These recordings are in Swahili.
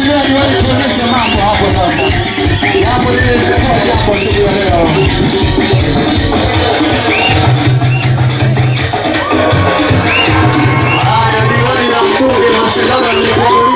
I am tuonyeshe mambo hapo sasa. Hapo ile ilikuwa jambo siku ya leo. Haya, Diwani na mbunge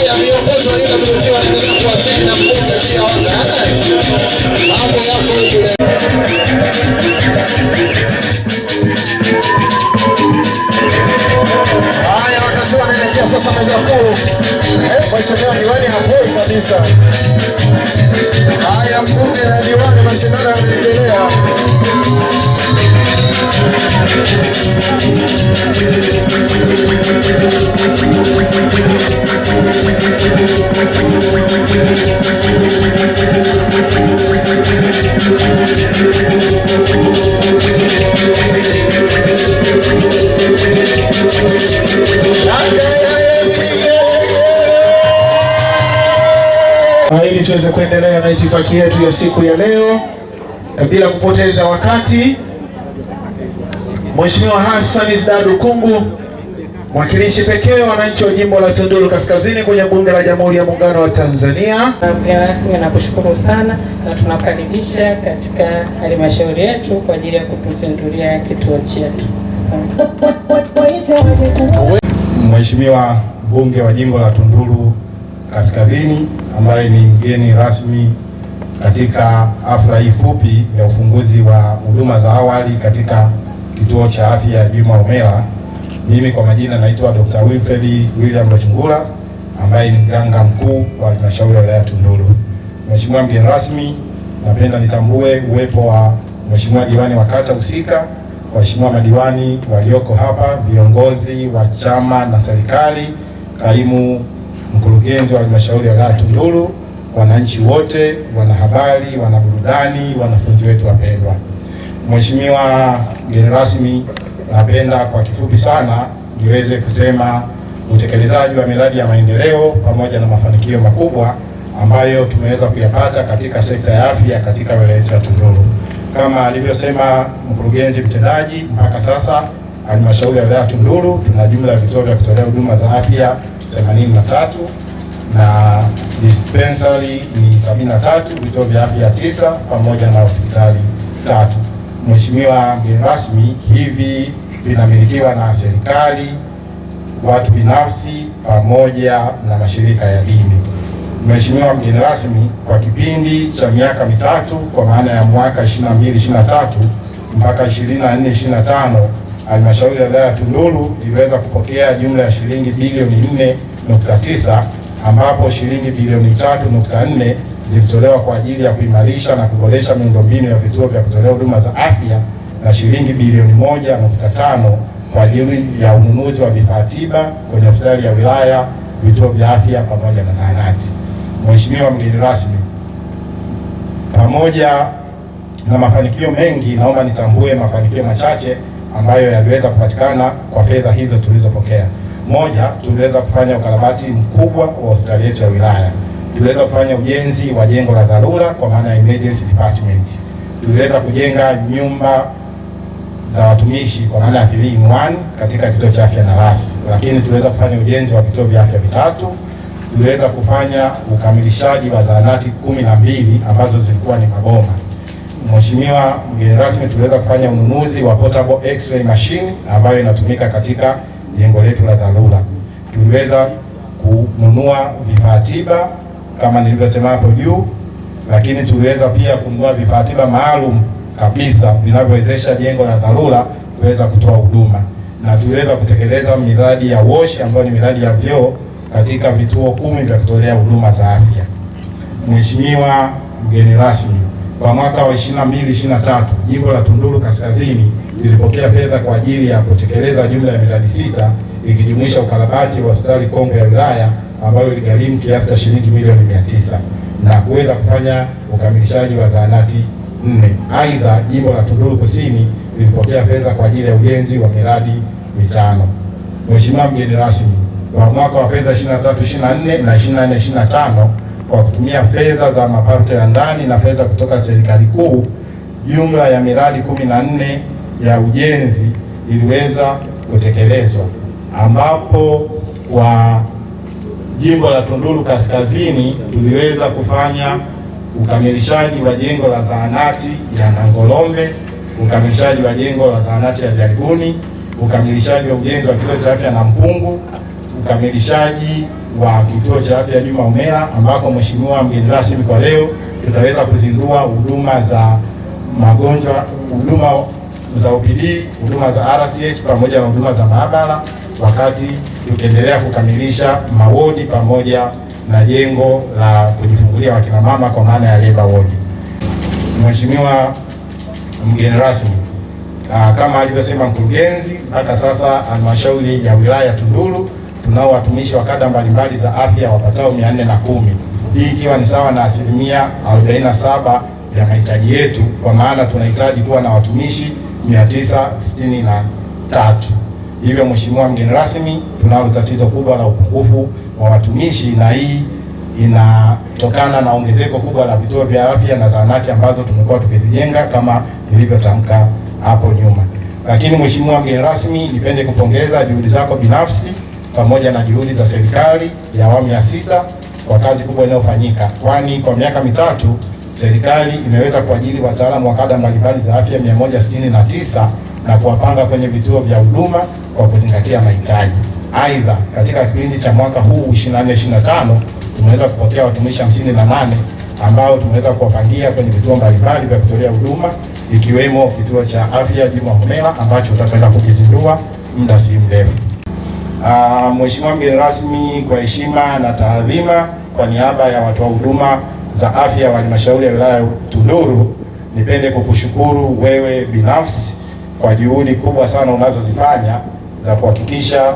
haya viongozi wa UWT wanaendelea kuwasili na mbunge pia wakaae mambo yako haya, wakati wanaelekea sasa meza kuu. Mheshimiwa eh, diwani hapoi kabisa. Haya, mbunge na diwani, mashindano yanaendelea ili tuweze kuendelea na itifaki yetu ya siku ya leo, na bila kupoteza wakati, Mheshimiwa Hassan Zdadu Kungu mwakilishi pekee wananchi wa jimbo la Tunduru Kaskazini kwenye bunge la Jamhuri ya Muungano wa Tanzania. Mgeni rasmi, nakushukuru sana na tunakaribisha katika halmashauri yetu kwa ajili ya kutuzindulia kituo chetu. Mheshimiwa mbunge wa jimbo la Tunduru Kaskazini ambaye ni mgeni rasmi katika hafla hii fupi ya ufunguzi wa huduma za awali katika kituo cha afya Juma Homera mimi kwa majina naitwa Dr. Wilfred William Rachungula ambaye ni mganga mkuu wa halmashauri ya wilaya Tunduru. Mheshimiwa mgeni rasmi, napenda nitambue uwepo wa Mheshimiwa diwani wa kata husika, waheshimiwa madiwani walioko hapa, viongozi wa chama na serikali, kaimu mkurugenzi wa halmashauri ya wilaya Tunduru, wananchi wote, wanahabari, wanaburudani, wanafunzi wetu wapendwa. Mheshimiwa mgeni rasmi napenda kwa kifupi sana niweze kusema utekelezaji wa miradi ya maendeleo pamoja na mafanikio makubwa ambayo tumeweza kuyapata katika sekta ya afya katika wilaya yetu ya Tunduru. Kama alivyosema mkurugenzi mtendaji, mpaka sasa halmashauri ya wilaya ya Tunduru tuna jumla ya vituo vya kutolea huduma za afya 83 na dispensari ni 73, vituo vya afya tisa pamoja na hospitali tatu. Mheshimiwa mgeni rasmi, hivi vinamilikiwa na serikali, watu binafsi pamoja na mashirika ya dini. Mheshimiwa mgeni rasmi, kwa kipindi cha miaka mitatu kwa maana ya mwaka 22 23 mpaka 24 25 halmashauri ya wilaya ya Tunduru iliweza kupokea jumla ya shilingi bilioni 4.9 ambapo shilingi bilioni 3.4 zilitolewa kwa ajili ya kuimarisha na kuboresha miundombinu ya vituo vya kutolea huduma za afya na shilingi bilioni moja nukta tano kwa ajili ya ununuzi wa vifaa tiba kwenye hospitali ya wilaya, vituo vya afya pamoja na zahanati. Mheshimiwa mgeni rasmi, pamoja na mafanikio mengi, naomba nitambue mafanikio machache ambayo yaliweza kupatikana kwa fedha hizo tulizopokea. Moja, tuliweza kufanya ukarabati mkubwa wa hospitali yetu ya wilaya tuliweza kufanya ujenzi wa jengo la dharura kwa maana ya emergency department. Tuliweza kujenga nyumba za watumishi kwa maana ya 3 in 1 katika kituo cha afya na rasi, lakini tuliweza kufanya ujenzi wa vituo vya afya vitatu. Tuliweza kufanya ukamilishaji wa zahanati kumi na mbili ambazo zilikuwa ni maboma. Mheshimiwa mgeni rasmi, tuliweza kufanya ununuzi wa portable x-ray machine ambayo inatumika katika jengo letu la dharura. Tuliweza kununua vifaa tiba kama nilivyosema hapo juu, lakini tuliweza pia kununua vifaa tiba maalum kabisa vinavyowezesha jengo la dharura kuweza kutoa huduma, na tuliweza kutekeleza miradi ya wash ambayo ni miradi ya vyoo katika vituo kumi vya kutolea huduma za afya. Mheshimiwa mgeni rasmi, kwa mwaka wa 22 23 jimbo la Tunduru Kaskazini lilipokea fedha kwa ajili ya kutekeleza jumla ya miradi sita ikijumuisha ukarabati wa hospitali kongwe ya wilaya ambayo iligharimu kiasi cha shilingi milioni mia tisa na kuweza kufanya ukamilishaji wa zahanati nne. Aidha, jimbo la Tunduru Kusini lilipokea fedha kwa ajili ya ujenzi wa miradi mitano. Mheshimiwa mgeni rasmi, kwa mwaka wa fedha 23 24 na 24 25 kwa kutumia fedha za mapato ya ndani na fedha kutoka serikali kuu, jumla ya miradi 14 ya ujenzi iliweza kutekelezwa ambapo kwa jimbo la Tunduru Kaskazini tuliweza kufanya ukamilishaji wa jengo la zahanati ya Nangolombe, ukamilishaji wa jengo la zahanati ya Jaribuni, ukamilishaji wa ujenzi wa kituo cha afya Nampungu, ukamilishaji wa kituo cha afya Juma Umera, ambako mheshimiwa mgeni rasmi kwa leo tutaweza kuzindua huduma za magonjwa, huduma za OPD, huduma za RCH pamoja na huduma za maabara wakati tukiendelea kukamilisha mawodi pamoja na jengo la kujifungulia wakina mama kwa maana ya leba wodi. Mheshimiwa mgeni rasmi, ah, kama alivyosema mkurugenzi, mpaka sasa halmashauri ya wilaya Tunduru tunao watumishi wa kada mbalimbali za afya wapatao mia nne na kumi, hii ikiwa ni sawa na asilimia 47 ya mahitaji yetu, kwa maana tunahitaji kuwa na watumishi 963. Hivyo Mheshimiwa mgeni rasmi, tunalo tatizo kubwa la upungufu wa watumishi, na hii inatokana na ongezeko kubwa la vituo vya afya na zahanati ambazo tumekuwa tukizijenga kama nilivyotamka hapo nyuma. Lakini Mheshimiwa mgeni rasmi, nipende kupongeza juhudi zako binafsi pamoja na juhudi za serikali ya awamu ya sita kwa kazi kubwa inayofanyika, kwani kwa miaka mitatu serikali imeweza kuajiri wataalamu wa kada mbalimbali za afya 169 na kuwapanga kwenye vituo vya huduma kwa kuzingatia mahitaji. Aidha, katika kipindi cha mwaka huu 24 25 tumeweza kupokea watumishi nane ambao tumeweza kuwapangia kwenye vituo mbalimbali vya kutolea huduma ikiwemo kituo cha afya Juma Homera ambacho utakwenda kukizindua muda si mrefu. Ah, Mheshimiwa mgeni rasmi, kwa heshima na taadhima, kwa niaba ya watoa huduma za afya wa halmashauri ya wilaya Tunduru, nipende kukushukuru wewe binafsi kwa juhudi kubwa sana unazozifanya za kuhakikisha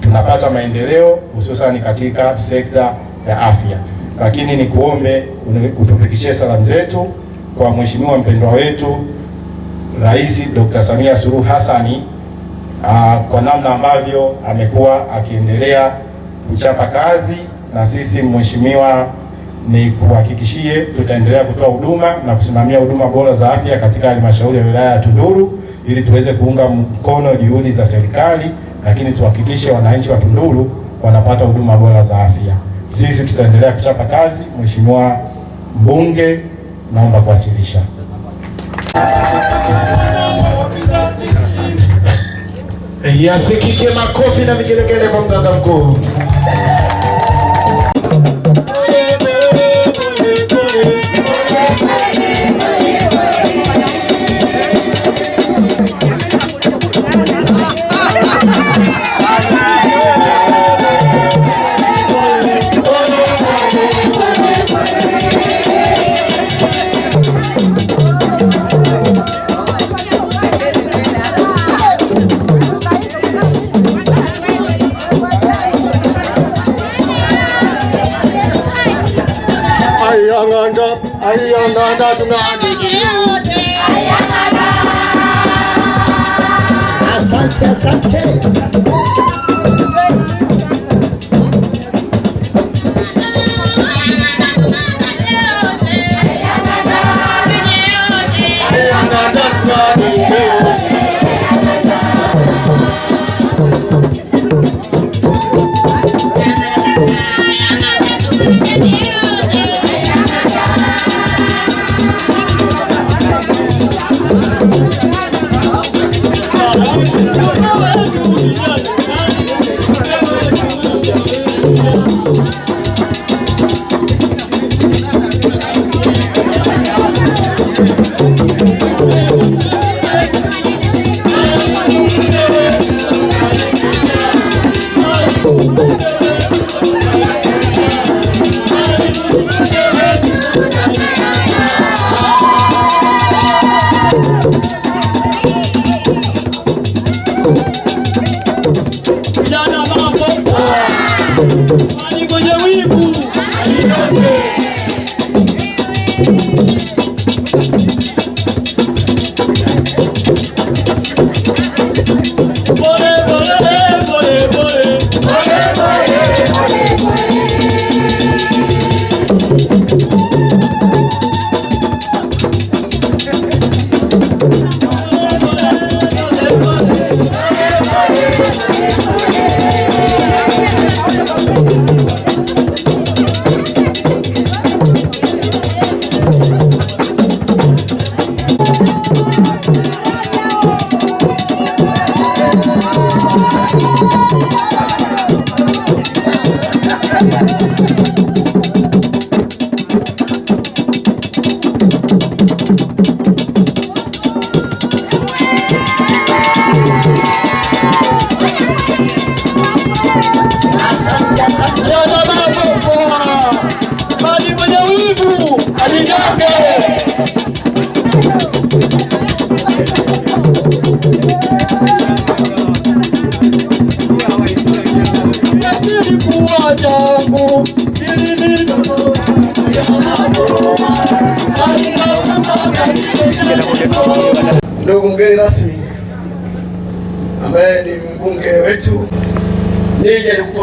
tunapata maendeleo hususani katika sekta ya afya. Lakini nikuombe utufikishie salamu zetu kwa mheshimiwa mpendwa wetu Rais Dr. Samia Suluhu Hassani ah, kwa namna ambavyo amekuwa akiendelea kuchapa kazi, na sisi mheshimiwa, ni kuhakikishie tutaendelea kutoa huduma na kusimamia huduma bora za afya katika halmashauri ya wilaya ya Tunduru ili tuweze kuunga mkono juhudi za serikali, lakini tuhakikishe wananchi wa Tunduru wanapata huduma bora za afya. Sisi tutaendelea kuchapa kazi. Mheshimiwa mbunge, naomba kuwasilisha. Yasikike makofi na vigelegele kwa mganga mkuu. todo nome de Asante, asante.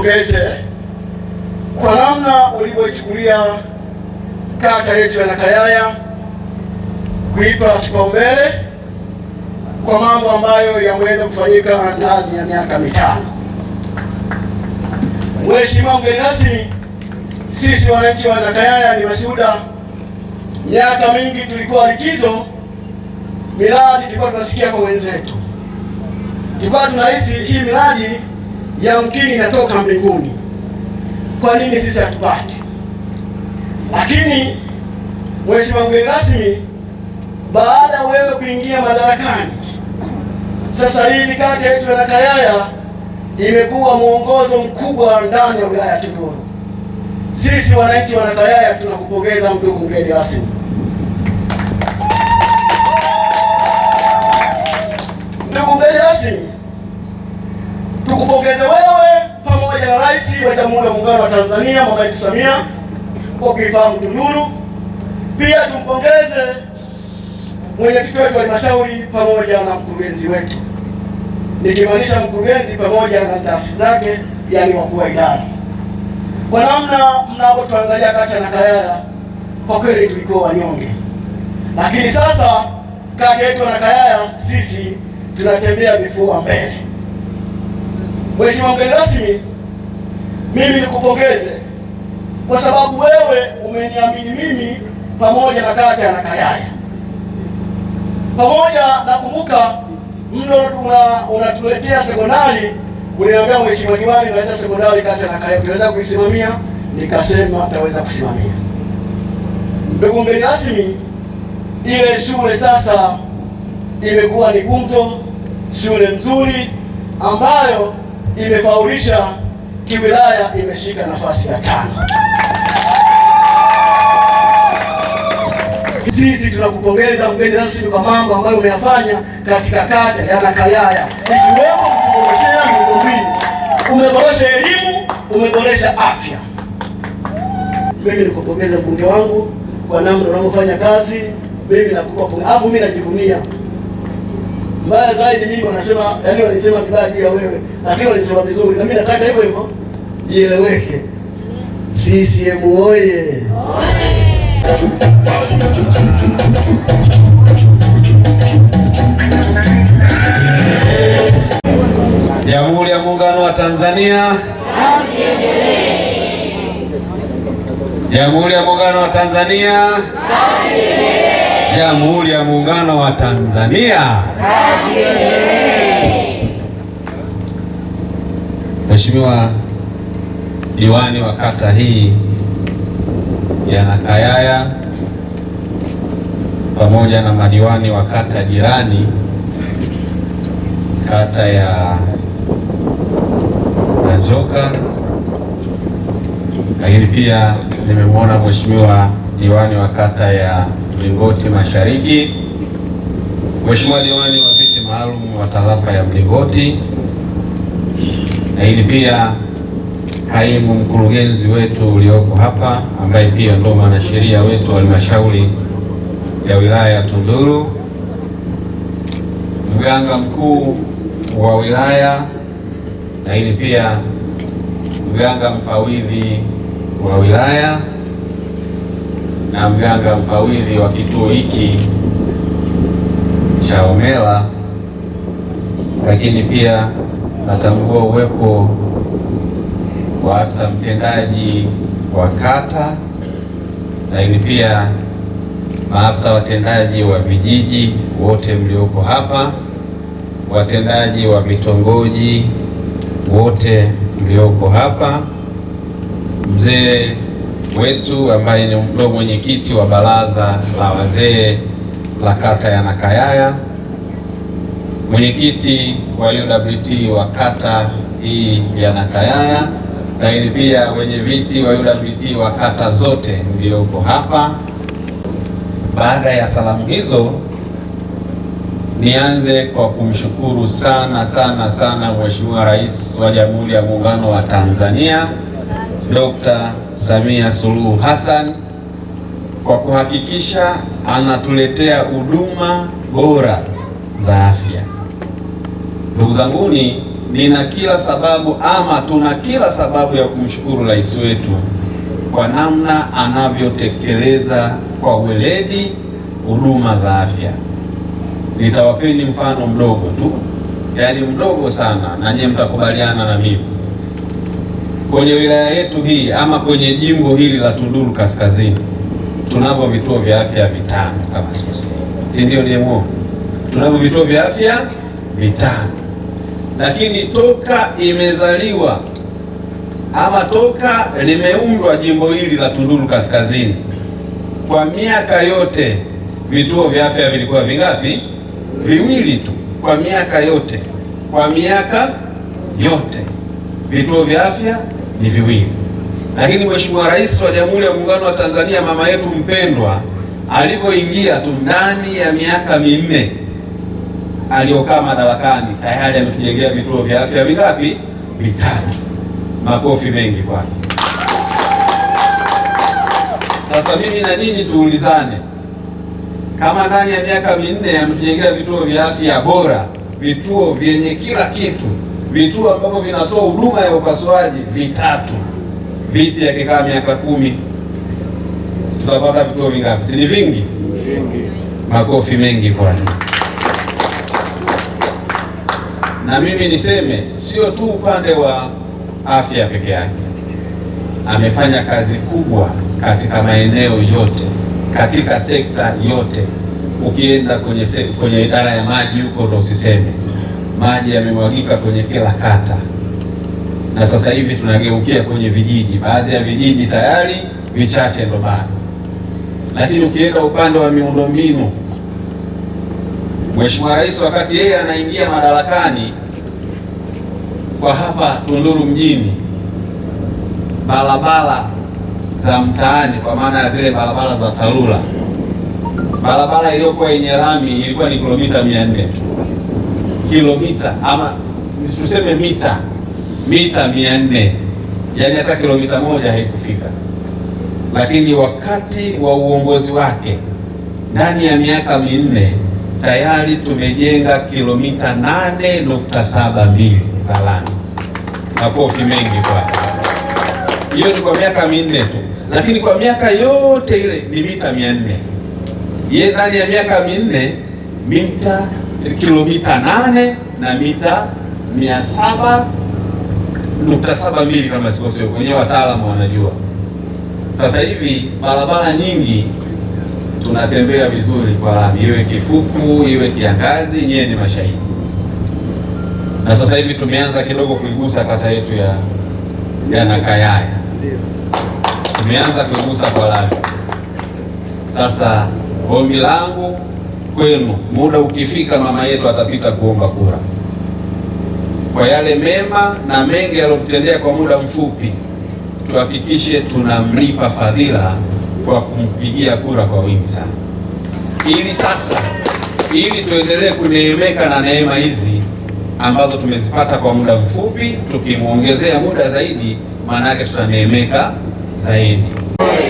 nikupongeze kwa namna ulivyoichukulia kata yetu ya Nakayaya kuipa kipaumbele kwa mambo ambayo yameweza kufanyika ndani ya miaka mitano. Mheshimiwa mgeni rasmi, sisi wananchi wa Nakayaya ni mashuhuda. Miaka mingi tulikuwa likizo, miradi tulikuwa tunasikia kwa wenzetu, tulikuwa tunahisi hii miradi yamkini inatoka mbinguni. Kwa nini sisi hatupati? Lakini mheshimiwa mgeni rasmi, baada wewe kuingia madarakani, sasa hivi kata yetu ya Nakayaya imekuwa mwongozo mkubwa ndani ya wilaya ya Tunduru. Sisi wananchi wa Nakayaya tunakupongeza ndugu mgeni rasmi. Ndugu mgeni rasmi tukupongeze wewe pamoja na Rais wa Jamhuri ya Muungano wa Tanzania mama yetu Samia kwa kuifahamu Tunduru. Pia tumpongeze mwenyekiti wetu wa halmashauri pamoja na mkurugenzi wetu, nikimaanisha mkurugenzi pamoja na taasisi zake, yaani wakuu wa idara, kwa namna mnavyotuangalia Kacha na Kayala. Kwa kweli tulikuwa wanyonge, lakini sasa Kacha yetu na Kayala sisi tunatembea vifua mbele. Mheshimiwa mgeni rasmi, mimi nikupongeze kwa sababu wewe umeniamini mimi pamoja na kata ya Nakayaya pamoja na kumbuka, mno unatuletea una sekondari, uliniambia mheshimiwa diwani, unaleta sekondari kata ya Nakayaya, utaweza kuisimamia? Nikasema nitaweza kusimamia. Ndugu mgeni rasmi, ile shule sasa imekuwa ni gumzo, shule nzuri ambayo imefaulisha kiwilaya, imeshika nafasi ya tano. Sisi tunakupongeza mgeni rasmi kwa mambo ambayo umeyafanya katika kata ya Nakayaya, ikiwemo kutuboreshea miundombinu. Umeboresha elimu, umeboresha afya. Mimi nikupongeza mbunge wangu kwa namna unavyofanya kazi, mimi nakupa pongezi, alafu mimi najivunia mbaya zaidi mimi wanasema, yani, walisema vibaya juu ya wewe, lakini walisema vizuri, na mimi nataka hivyo hivyo ieleweke. CCM oye! Jamhuri ya Muungano wa Tanzania, kazi endelee! Jamhuri ya Muungano wa Tanzania, kazi endelee! Jamhuri ya Muungano wa Tanzania. Mheshimiwa diwani wa kata hii ya Nakayaya pamoja na madiwani wa kata jirani, kata ya Nanjoka, lakini pia nimemwona mheshimiwa diwani wa kata ya Mlingoti Mashariki, Mheshimiwa diwani wa viti maalum wa tarafa ya Mlingoti, lakini pia kaimu mkurugenzi wetu ulioko hapa ambaye pia ndo mwanasheria wetu wa halmashauri ya wilaya ya Tunduru, mganga mkuu wa wilaya, lakini pia mganga mfawidhi wa wilaya na mganga mfawidhi wa kituo hiki cha Omela, lakini pia natambua uwepo wa afisa mtendaji wa kata, lakini pia maafisa watendaji wa vijiji wote mlioko hapa, watendaji wa vitongoji wote mlioko hapa, mzee wetu ambaye ni ndio mwenyekiti wa baraza la wazee la kata ya Nakayaya, mwenyekiti wa UWT wa kata hii ya Nakayaya, lakini pia wenye viti wa UWT wa kata zote mliopo hapa. Baada ya salamu hizo, nianze kwa kumshukuru sana sana sana Mheshimiwa Rais wa Jamhuri ya Muungano wa Tanzania Dr. Samia Suluhu Hassan kwa kuhakikisha anatuletea huduma bora za afya. Ndugu zanguni, nina kila sababu ama tuna kila sababu ya kumshukuru rais wetu kwa namna anavyotekeleza kwa weledi huduma za afya. Nitawapeni mfano mdogo tu, yaani mdogo sana, na nyie mtakubaliana na mimi kwenye wilaya yetu hii ama kwenye jimbo hili la Tunduru Kaskazini tunavyo vituo vya afya vitano kama sikusi, si ndio DMO? Tunavyo vituo vya afya vitano, lakini toka imezaliwa ama toka limeundwa jimbo hili la Tunduru Kaskazini, kwa miaka yote vituo vya afya vilikuwa vingapi? Viwili tu, kwa miaka yote, kwa miaka yote vituo vya afya ni viwili. Lakini Mheshimiwa Rais wa Jamhuri ya Muungano wa Tanzania, mama yetu mpendwa, alivyoingia tu ndani ya miaka minne aliyokaa madarakani tayari ametujengea vituo vya afya vingapi? Vitatu. Makofi mengi kwake. Sasa mimi na nini tuulizane, kama ndani ya miaka minne ametujengea vituo vya afya bora, vituo vyenye kila kitu vituo ambavyo vinatoa huduma ya upasuaji vitatu vipya. Kikaa miaka kumi tutapata vituo vingapi? Si ni vingi? Makofi mengi kwani. Na mimi niseme sio tu upande wa afya peke yake, amefanya kazi kubwa katika maeneo yote, katika sekta yote. Ukienda kwenye, kwenye idara ya maji huko ndo usiseme maji yamemwagika kwenye kila kata, na sasa hivi tunageukia kwenye vijiji. Baadhi ya vijiji tayari, vichache ndo bado. Lakini ukienda upande wa miundombinu, Mheshimiwa Rais wakati yeye anaingia madarakani, kwa hapa Tunduru mjini, barabara za mtaani kwa maana ya zile barabara za TARURA, barabara iliyokuwa yenye lami ilikuwa ni kilomita 400 tu kilomita ama tuseme mita mita mia nne yani hata kilomita moja haikufika, lakini wakati wa uongozi wake ndani ya miaka minne tayari tumejenga kilomita 8.72 za lami. Makofi mengi kwa Hiyo ni kwa miaka minne tu, lakini kwa miaka yote ile ni mita mia nne. Yeye ndani ya miaka minne mita kilomita nane na mita mia saba nukta saba mbili kama sikosio, wenyewe wataalamu wanajua. Sasa hivi barabara nyingi tunatembea vizuri kwa lami, iwe kifuku iwe kiangazi, nyewe ni mashahidi. Na sasa hivi tumeanza kidogo kuigusa kata yetu ya ya Nakayaya, tumeanza kuigusa kwa lami. Sasa ombi langu kwenu. Muda ukifika, mama yetu atapita kuomba kura kwa yale mema na mengi aliyotutendea kwa muda mfupi. Tuhakikishe tunamlipa fadhila kwa kumpigia kura kwa wingi sana, ili sasa, ili tuendelee kuneemeka na neema hizi ambazo tumezipata kwa muda mfupi. Tukimwongezea muda zaidi, maana yake tutaneemeka zaidi.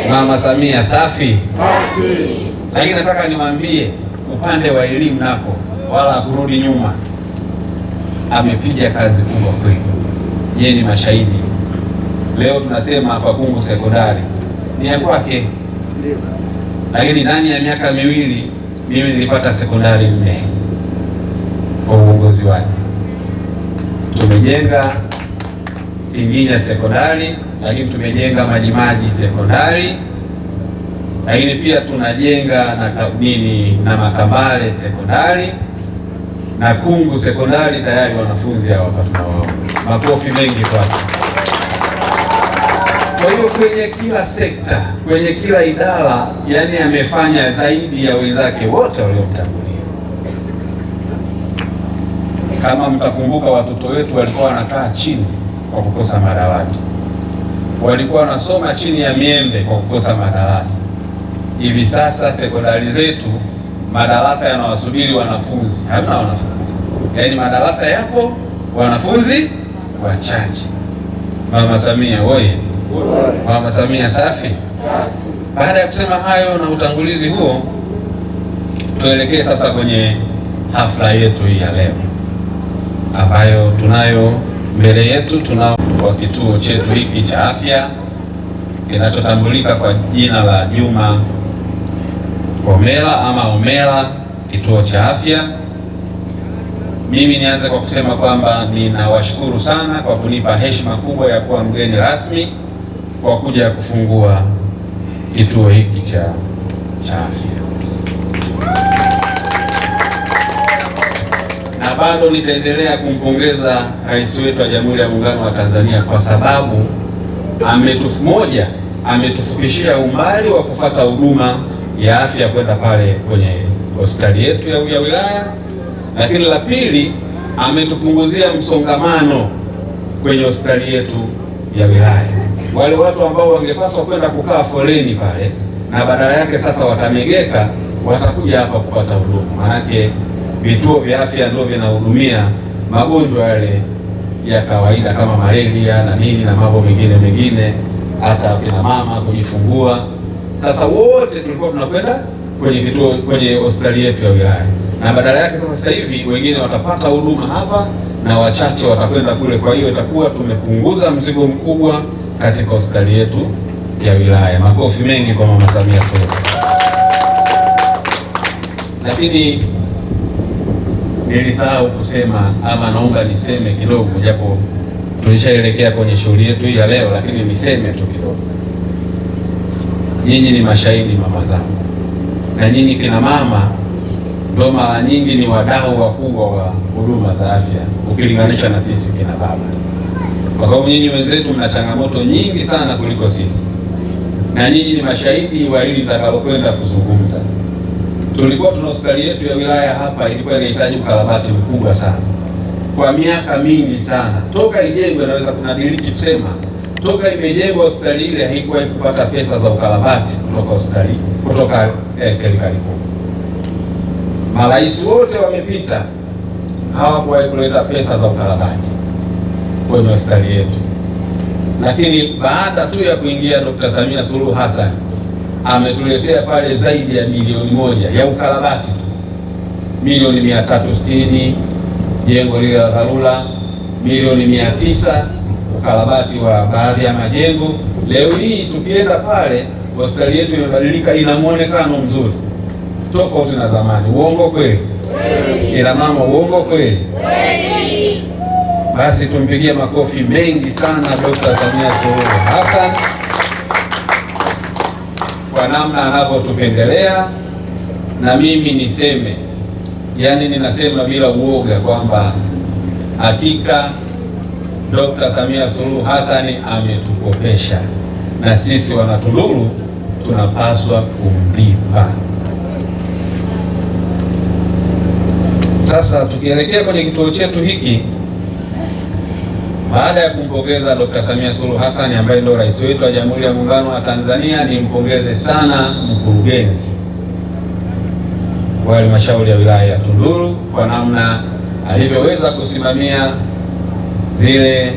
Mama Samia safi safi. Lakini nataka niwaambie upande wa elimu nako wala kurudi nyuma, amepiga kazi kubwa kweli. Yeye ni mashahidi. Leo tunasema Pakungu sekondari ni ya kwake, lakini ndani ya miaka miwili mimi nilipata sekondari nne kwa uongozi wake. Tumejenga Tinginya sekondari, lakini tumejenga Majimaji sekondari lakini pia tunajenga na kabini na Makambale sekondari na Kungu sekondari tayari wanafunzi hawa hapa makofi mengi kwake. Kwa hiyo kwenye kila sekta, kwenye kila idara, yani amefanya ya zaidi ya wenzake wote waliomtangulia. Kama mtakumbuka, watoto wetu walikuwa wanakaa chini kwa kukosa madawati, walikuwa wanasoma chini ya miembe kwa kukosa madarasa hivi sasa sekondari zetu madarasa yanawasubiri wanafunzi, hamna wanafunzi, yaani madarasa yapo, wanafunzi wachache. Mama Samia woye! Mama Samia safi. Baada ya kusema hayo na utangulizi huo, tuelekee sasa kwenye hafla yetu hii ya leo ambayo tunayo mbele yetu. Tunao wa kituo chetu hiki cha afya kinachotambulika kwa jina la Juma Omela ama Omela kituo cha afya. Mimi nianze kwa kusema kwamba ninawashukuru sana kwa kunipa heshima kubwa ya kuwa mgeni rasmi kwa kuja kufungua kituo hiki cha cha afya, na bado nitaendelea kumpongeza Rais wetu wa Jamhuri ya Muungano wa Tanzania kwa sababu ametufu moja, ametufupishia umbali wa kufata huduma ya kwenda pale kwenye hospitali yetu ya, ya wilaya. Lakini la pili, ametupunguzia msongamano kwenye hospitali yetu ya wilaya. Wale watu ambao wangepaswa kwenda kukaa foleni pale, na badala yake sasa watamegeka, watakuja hapa kupata huduma, manake vituo vya afya ndio vinahudumia magonjwa yale ya kawaida kama malaria na nini na mambo mengine mengine, hata kina mama kujifungua. Sasa wote tulikuwa tunakwenda kwenye vituo kwenye hospitali yetu ya wilaya, na badala yake sasa hivi wengine watapata huduma hapa na wachache watakwenda kule. Kwa hiyo itakuwa tumepunguza mzigo mkubwa katika hospitali yetu ya wilaya. Makofi mengi kwa Mama Samia Suluhu. Lakini nilisahau kusema ama naomba niseme kidogo, japo tulishaelekea kwenye shughuli yetu ya leo, lakini niseme tu kidogo nyinyi ni mashahidi mama zangu, na nyinyi kina mama ndio mara nyingi ni wadau wakubwa wa huduma za afya ukilinganisha na sisi kina baba, kwa sababu nyinyi wenzetu mna changamoto nyingi sana kuliko sisi, na nyinyi ni mashahidi wa hili nitakalokwenda kuzungumza. Tulikuwa tuna hospitali yetu ya wilaya hapa, ilikuwa inahitaji ukarabati mkubwa sana kwa miaka mingi sana, toka ijengwe, naweza kunadiriki kusema toka imejengwa hospitali ile haikuwahi kupata pesa za ukarabati kutoka hospitali kutoka eh, serikali kuu. Marais wote wamepita hawakuwahi kuleta pesa za ukarabati kwenye hospitali yetu, lakini baada tu ya kuingia Dr. Samia Suluhu Hassan ametuletea pale zaidi ya milioni moja ya ukarabati tu, milioni mia tatu sitini jengo lile la dharura, milioni mia tisa ukarabati wa baadhi ya majengo. Leo hii tukienda pale, hospitali yetu imebadilika, ina muonekano mzuri tofauti na zamani. Uongo kweli? Ila mama, uongo kweli? Basi tumpigie makofi mengi sana Dr. Samia Suluhu Hassan kwa namna anavyotupendelea, na mimi niseme, yani ninasema bila uoga kwamba hakika Dr. Samia Suluhu Hassan ametukopesha na sisi wanatululu tunapaswa kumlipa. Sasa tukielekea kwenye kituo chetu hiki, baada ya kumpongeza Dr. Samia Suluhu Hassan ambaye ndio rais wetu wa Jamhuri ya Muungano wa Tanzania, nimpongeze sana mkurugenzi wa halmashauri ya wilaya ya Tunduru kwa namna alivyoweza kusimamia zile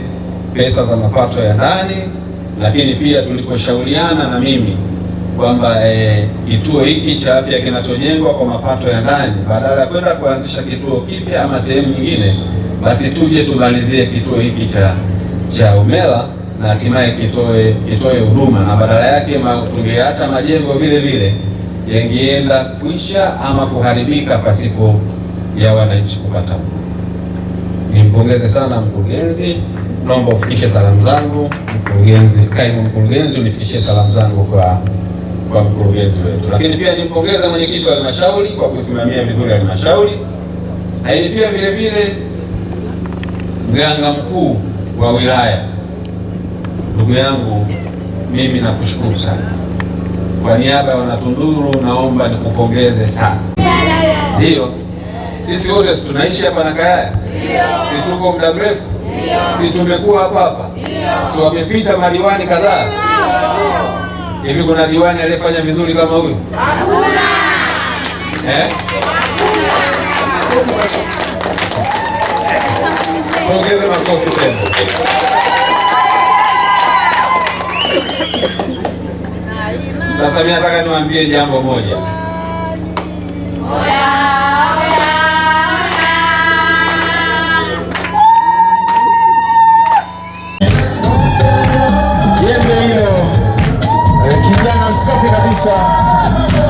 pesa za mapato ya ndani, lakini pia tuliposhauriana na mimi kwamba e, kituo hiki cha afya kinachojengwa kwa mapato ya ndani, badala ya kwenda kuanzisha kituo kipya ama sehemu nyingine, basi tuje tumalizie kituo hiki cha cha Umela na hatimaye kitoe kitoe huduma, na badala yake ma, tungeacha majengo vile vile yangeenda kuisha ama kuharibika pasipo ya wananchi kupata huduma. Nimpongeze sana mkurugenzi, naomba ufikishe salamu zangu mkurugenzi, kaimu mkurugenzi, unifikishie salamu zangu kwa kwa mkurugenzi wetu. Lakini pia nimpongeza mwenyekiti wa halmashauri kwa kusimamia vizuri halmashauri, lakini pia vile vile mganga mkuu wa wilaya. Ndugu yangu, mimi nakushukuru sana kwa niaba ya Wanatunduru, naomba nikupongeze sana. Ndiyo, sisi wote tunaishi hapa na si tuko muda mrefu, si tumekuwa hapa hapa, si wamepita madiwani kadhaa hivi. Kuna diwani aliyefanya vizuri kama huyu eh? Ongeze makofi tena. Sasa mimi nataka niwaambie jambo moja. safi kabisa.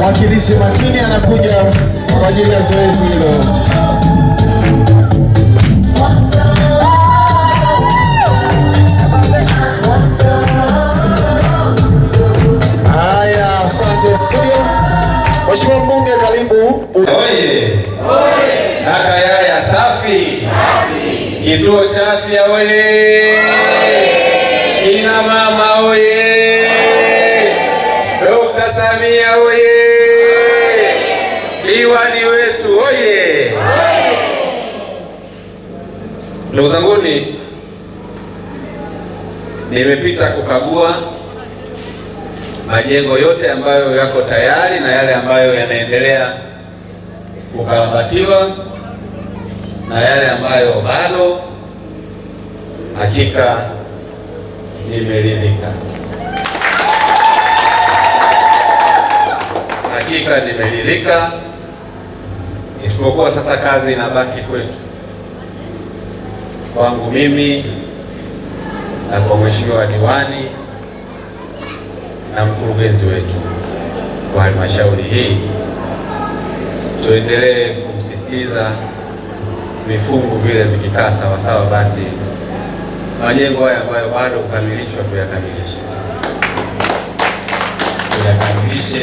Mwakilishi makini anakuja kwa ajili ya zoezi hilo. Haya, asante studio. Mheshimiwa mbunge, karibu. Oye. Oye. Nakayaya safi. Safi. Kituo cha afya oye. Samia oye! Diwani wetu oye! Ndugu zanguni, nimepita kukagua majengo yote ambayo yako tayari na yale ambayo yanaendelea kukarabatiwa na yale ambayo bado. Hakika nimeridhika. hakika limeridhika, isipokuwa sasa kazi inabaki kwetu, kwangu mimi na kwa mheshimiwa diwani na mkurugenzi wetu wa halmashauri hii, tuendelee kumsisitiza vifungu vile vikikaa sawasawa, basi majengo haya ambayo bado kukamilishwa tuyakamilishe, tuyakamilishe.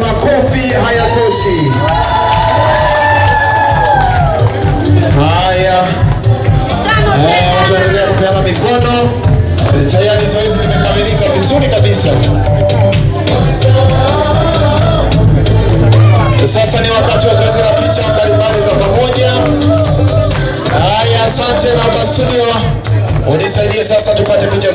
tayari zoezi limekamilika vizuri kabisa. Sasa ni wakati wa zoezi la picha mbalimbali za pamoja. Haya, asante na studio, unisaidie sasa tupate picha